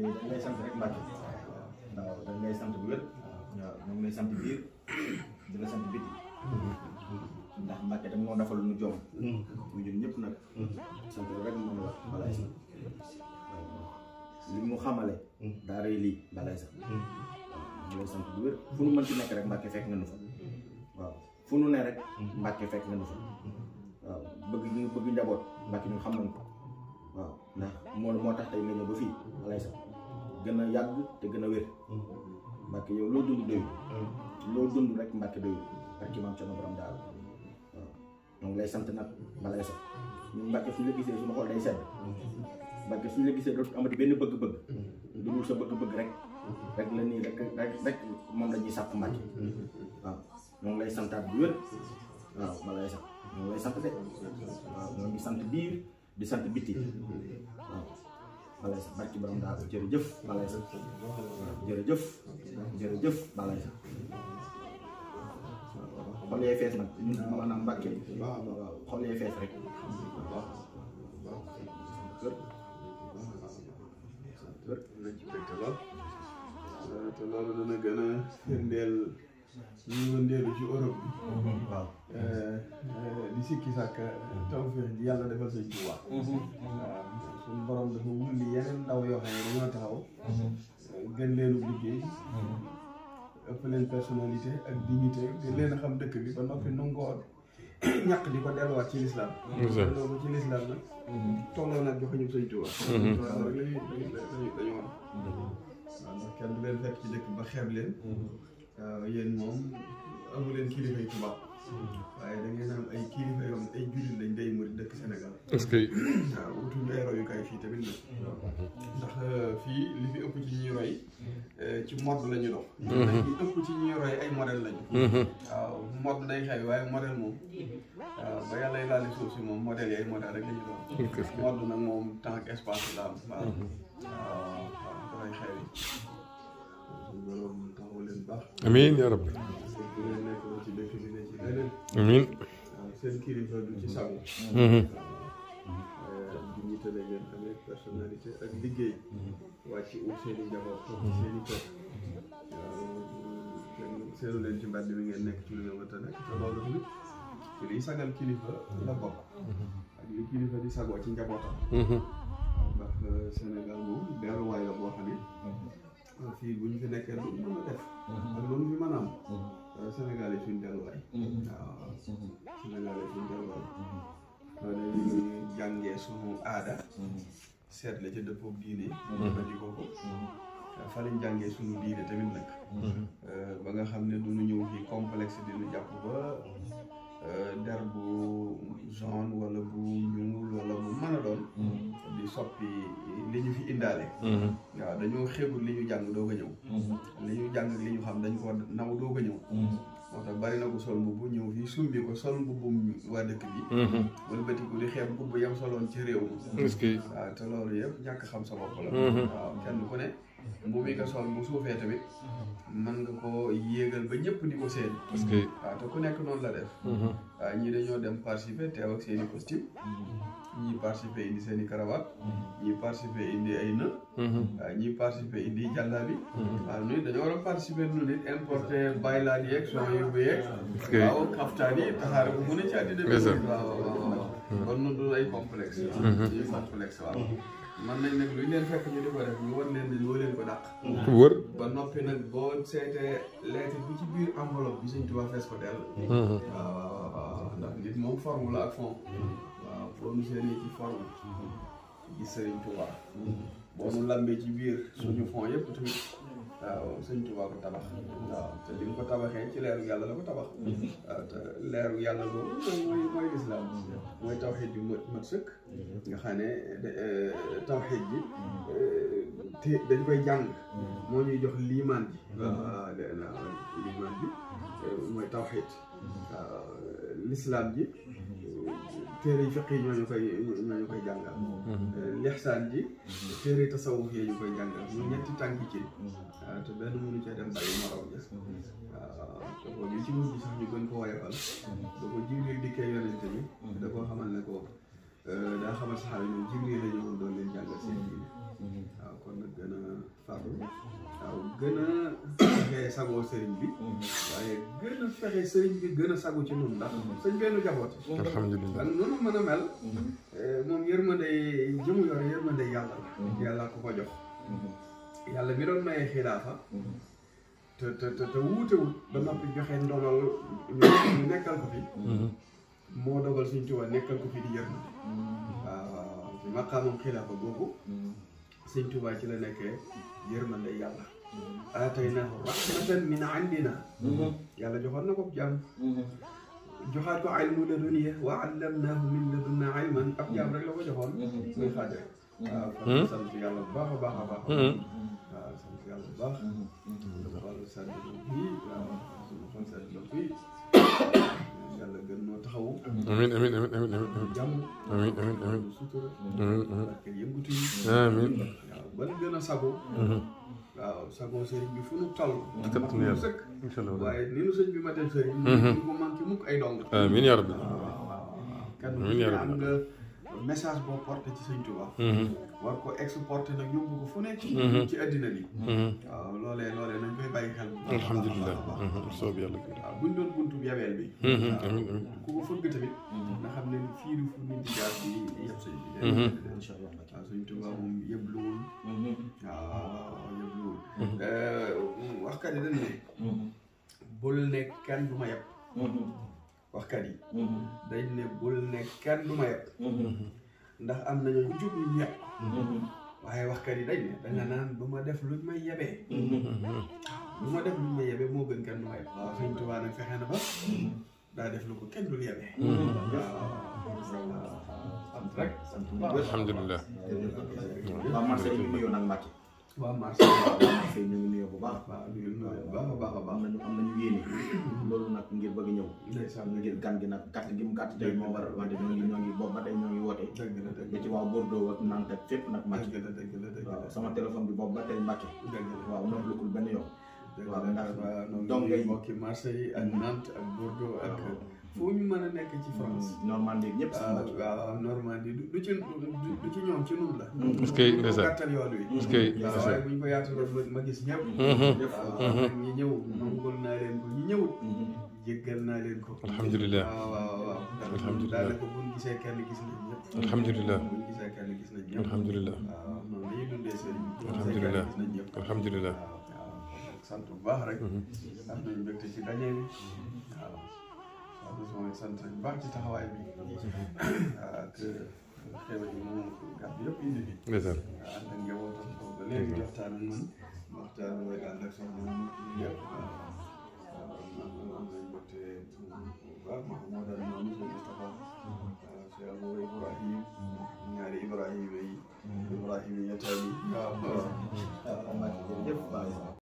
lay dañ lay sant rek sant bu wér waaw ñu ngi lay sant biir di sant biti ndax Mbacke dama moo defal nu joom hmm. ñu ñun ñépp nag hmm. sant rek hmm. li mu xamale daa rëy lii balaay sax waaw ñu lay wér fu nu mën nekk rek Mbacke fekk nga nu fa waaw fu nu ne rek Mbacke fekk nga nu fa waaw bëgg ñu bëgg njaboot Mbacke ñu xam nañ ko waaw ndax moo moo tax tey nga ba fii balaay sax gën a yàgg te gën a wér yow loo dund doyu loo dund rek Mbàkke doyu ak ci maam Cerno Borom Daaru waaw ñoo ngi lay sant nag balay sax ñun Mbàkke suñu la gisee suñu xol day sedd grek suñu la grek, dootu amati benn bëgg-bëgg lu dul sa bëgg-bëgg rek rek la nii rek rek rek waaw lay waaw balay lay sant waaw sant biir di sant biti waaw balay sa barki jëf daal jërëjëf balay sa jërëjëf jërëjëf balay sa xol yee fees nag mun ma wax naan mbàkke waaw waaw xol yee fees rek waaw kër kër loolu dana gën ñu wëndeelu ci Europe bi. waaw eh, eh, di sikki sàkk eh, tawfeex ji yàlla defal sëñ Tuubaa. waaw suñu borom dafa wulli yeneen ndaw yoo xam ne dañoo taxaw. Mm-hmm. gën leenu liggéey. Mm-hmm. ëpp leen personnalité ak dignité gën leen xam dëkk bi ba noppi nangoo ñàkk di ko delluwaat ci lislaam. Mm-hmm. loolu ci lislaam nag. tolloo nag waaw kenn du leen fekk ci dëkk ba xeeb leen. yéen moom amu leen kilifay tubaab waaye da ngeen am ay kilifa yoo xam ay jullit lañ day murit dëkk Sénégal. est que. waaw utuñu ay royukaay fii tamit nag. ndax fii li fi ëpp ci ñuy ci mode la ñu li ëpp ci ñuy roy ay modèle lañu. waaw mode day xew waaye modèle moom. waaw ba yàlla laal di suuf si moom modèle yi ay modèle rek la ñu doon. mode moom temps espace la am. waaw waaw dafay xew. leen baax. amiin yaa rabbi. amiin. seen kilifa du ci sàmm. di jiitale ngeen amee mhm. personnalité ak liggéey. waa ci ut seen i njaboot. seen i kër. kenn seeru leen ci mbedd bi ngeen nekk ci lu nga mënta nekk te loolu tamit ci liy sagal kilifa la bokk. ak li kilifa di sagoo ci njabootam. ndax euh, Sénégal moom delluwaay la boo xam ne. Mhm. fii bu ñu fi nekkee lu mën a def ak mhm. lu fi mën a am Sénégal yi delluwaay waaw Sénégal yi delluwaay mhm. waaw dañuy mhm. jàngee suñu aada seet la ca dëppoog diine ba di ko ko fa lañ jàngee suñu diine tamit nag euh, ba nga xam ne du ñëw fii complexe di ñu jàpp ba Euh, der bu jaune wala bu ñuul wala bu mën a doon mm-hmm. di soppi li ñu fi indaale mm-hmm. waaw dañoo xeebul li ñu jàng doog ko ñëw mm-hmm. li ñu jàng li ñu xam dañ ko naw doog a ñëw moo tax bari na ko sol mbubb ñëw fii sumbi ko sol mbubbum waa dëkk bi wëlbati ko di xeeb mbubb yam soloon ci réew mi waaw te loolu yëpp ñàkk xam sa bopp la waaw kenn ku ne mbuubi nga sol bu suufee tamit mën nga ko yéegal ba ñëpp di ko seen parce te ku nekk noonu la def mhm. waaw ñii dañoo dem participer teew ak seen costume mhm. ñii participer indi seen i karawaat mhm. ñii participer indi ay në waaw ñii participer indi jàllaabi waaw ñun dañoo war a participer nu nit importé baylaat yeeg son yóbbu yeeg waaw kaftaan yi taxaar bu mën a ci àddina bi waaw kon mm-hmm. ñun du ay complexe. yu mm-hmm. complexe waaw. Mm-hmm. man nañ nag lu ñu fekk ñu di def ñu war leen ñu war ko dàq. ba noppi nag boo seetee lettre bi ci biir enveloppe bi Sëñ Tuubaa fees ko dell. waaw waaw waaw ndax nit moom la yi ci forme. gis Sëriñ Tuubaa. boo mu ci biir suñu fond yëpp tamit. waaw sëñ Tuubaa ko tabax. waaw te li mu ko tabaxee ci leeru yàlla la ko tabax. waaw yàlla boobu mooy mooy lislaam tawxiid yu mat sëkk mhm. nga xam ne euh, ji mhm. euh, te dañ koy jàng mhm. moo ñuy jox liimaan ji liimaan ji euh, mooy tawxiid waaw ji téere yi fiqi ñoo ñu koy ñoo ñu koy jàngal. Mm-hmm. lixsaan ji. Mm-hmm. téere tasawuf yi ñu koy jàngal ñu ñetti tànk ci. waaw mm-hmm. ah, te benn mënu cee dem bàyyi moroom gis. waaw ah, te boobu ci mujj sax ñu gën ko woyofal. ba ko Jibril dikkee yonente bi. da koo xamal ne ko euh, daa xamal saxaaba yi ñoom Jibril la ñu doon leen jàngal seen ji. Mm-hmm. waaw kon nag gën a farlu waaw gën a fexe sagoo sëriñ bi mm-hmm. waaye gën a fexe sëriñ bi gën a sagu ci noonu ndax mm-hmm. sëñ benn jaboot alhamdulilah ak noonu mën a mel eh, moom yërmande jëmu yor yërmande yàlla la yàlla ko ko jox yàlla mi doon maye xilaafa te te te wuutewul ba noppi joxe ndonal ñu nekkal ko fi moo dogal suñ tubaab nekkal ko fi di yërmande waaw waaw ci maqaamam xilaafa sëñ Tuubaa ci la nekkee yërmande yàlla aataynaahu rahmatan min indina yàlla joxoon na ko jàmm joxaat ko ilmu ladunya wa allamnaahu min ladunna ilman ab jàmm rek la ko joxoon muy xaadir waaw kon sant yàlla bu baax a baax a baax hmm. Hmm. waaw sant yàlla bu baax hmm. wal sant bi waaw suñu xol sant bi yàlla gën noo taxawu. amiin amiin amiin amiin amiin. jàmm. amiin amiin amiin. sutura. ak yëngutu yi. amiin. waaw ban gën a sago. Mm-hmm. waaw sago sëriñ bi fu nu toll. di kat nu yàlla incha allah waaye ni nu sëñ bi ma dem sëriñ. ñu mm-hmm. ko manqué mukk ay dong. amiin yaa rabbi. waaw waaw waaw. amiin yaa rabbi. message boo porté ci sëñ Tuubaa mhm. war ko exporté nag yóbbu ko fu nekk ci addina mhm. bi mhm. waaw loolee loolee nañ koy bàyyi xel bu alhamdulilah buntu yabeel bi ku ko fëgg tamit nga xam ne fii du fu nit jaar bi yëpp sëñ bi moom yëbluwul waaw yëbluwul eh, waxkat yi dañ ne ne kenn du ma yëpp waxkat yi mm-hmm. dañ ne bul ne kenn du ma mm-hmm. ndax am nañu ku jub ñu yàq mm-hmm. waaye waxkat yi dañ ne danga naan du ma def luñ may yebee lu ma def luñ may yebee moo gën kenn du ma yàq waaw Sëñ Tuubaa na ba daa def lu ko kenn dul yebee waaw sant rek sant alhamdulilah waaw man waaw marché bi ñu ngi nuyoo bu baax. waaw ñu ngi baax a baax na baax. am na am nañu loolu nag ngir bëgg ñëw. ndeysaan ngir gan gi nag gàtt gi mu gàtt tey moo a wante ñoo ngi ñoo ngi boobu ba tey ñoo ngi ci waa Bordeaux ak Nantes ak fépp nag. dëgg sama téléphone bi boobu ba tey mbàkke. dëgg la waaw noonu lëkkul benn yoon. dëgg la waaw ndax donc mbokki marché yi ak Nantes ak Bordeaux ak. foo ñu mën a nekk ci France. Mm, Normandie ñëpp sax. waaw ah, waaw Normandie du ci du ci ñoom ci nun la. Mm, est-ce que est-ce que gàttal yoon wi. est-ce que mm, est-ce que gis ñëpp. Mm-hmm. waaw mm-hmm. Mm-hmm. nañ ñëpp. alhamdulilah bu ñëpp. alhamdulilah ñëpp. bu baax rek. waaw loolu moom it sant bu baax ci taxawaay bi. ah te xew yi moom gàtt yëpp indi fi. dëgg la ah ànd ak njabootam ko ba léegi waxtaan ak man waxtaan mooy ànd ak soxna moom yëpp. am nañ mbégte bu baax ma moo daan noonu sëñ Moustapha. Cheikh Abou Ibrahim ñaari Ibrahima yi. Ibrahima ñetteel yi. waaw waaw.